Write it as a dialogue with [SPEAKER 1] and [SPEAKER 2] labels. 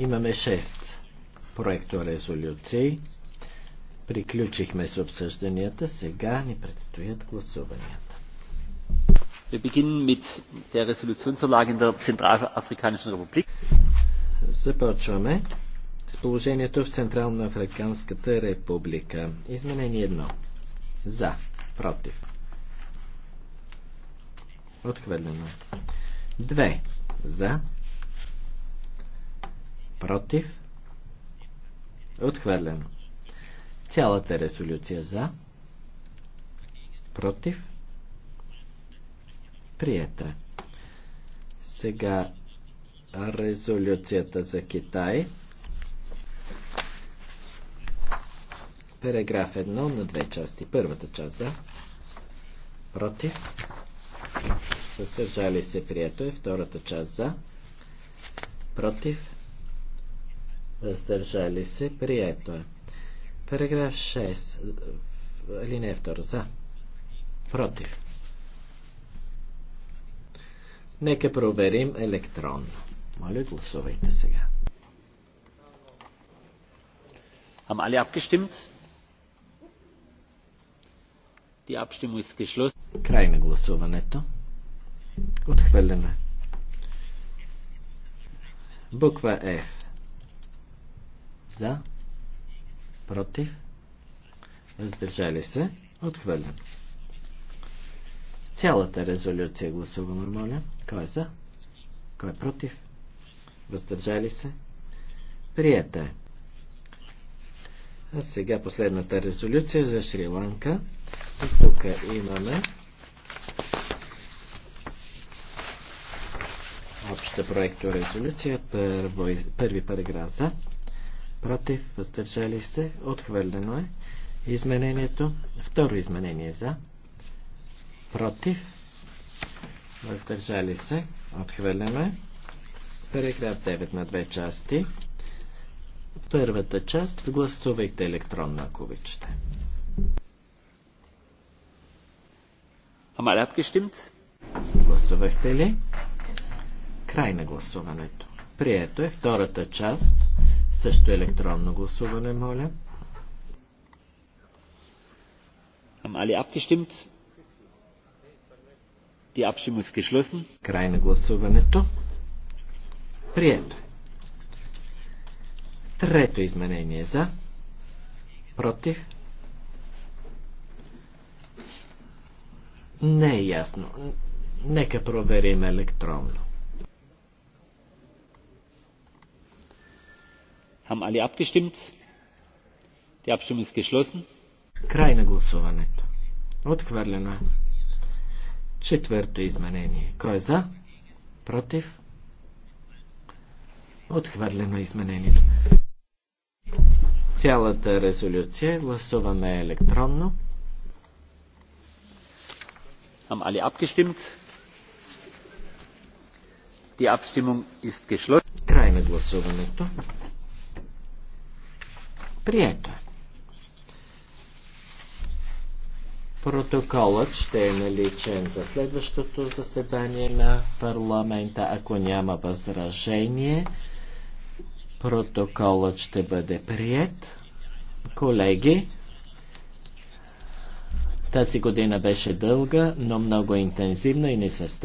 [SPEAKER 1] Имаме 6 проекторезолюции. Приключихме с обсъжданията, сега ни предстоят гласуванията.
[SPEAKER 2] Wir beginnen mit der in der Zentralafrikanischen Republik. Започваме с положението в Централно Африканската
[SPEAKER 1] република. Изменение едно. За. Против. Отхвърлено. Две. За. Против. Отхвърлено. Цялата резолюция за. Против. Приета. Сега резолюцията за Китай. Параграф 1 на две части. Първата част за. Против. Въздържали се прието е. Втората част за. Против въздържали се, прието е. Параграф 6, алинея 2, за, против. Нека проверим електронно.
[SPEAKER 2] Моля, гласувайте сега. Haben alle abgestimmt? Die Abstimmung ist geschlossen. Край
[SPEAKER 1] на гласуването. Отхвърлено. Е. Буква F. Е. За. Против. Въздържали се. Отхвърлям. Цялата резолюция гласува моля. Кой е за? Кой е против? Въздържали се? Приета е. А сега последната резолюция за Шри-Ланка. тук имаме обща проекторезолюция. Първо, първи параграф за против, въздържали се, отхвърлено е. Изменението, второ изменение за, против, въздържали се, отхвърлено е. Параграф 9 на две части. Първата част гласувайте електронно, ако обичате. Ама ли Гласувахте ли? Край на гласуването. Прието е втората част също електронно гласуване, моля.
[SPEAKER 2] Haben alle abgestimmt? Die Abstimmung ist geschlossen. Край на гласуването.
[SPEAKER 1] Прието. Е. Трето изменение за. Против. Не е ясно. Нека проверим електронно.
[SPEAKER 2] Haben alle abgestimmt? Die Abstimmung ist geschlossen. Край на гласуването.
[SPEAKER 1] Отхвърлено е. Четвърто изменение. Кой е за? Против? Отхвърлено е изменението. Цялата
[SPEAKER 2] резолюция гласуваме електронно. Haben alle abgestimmt? Die Abstimmung ist geschlossen. Край гласуването.
[SPEAKER 1] Прието Протоколът ще е наличен за следващото заседание на парламента. Ако няма възражение, протоколът ще бъде прият. Колеги, тази година беше дълга, но много интензивна и не се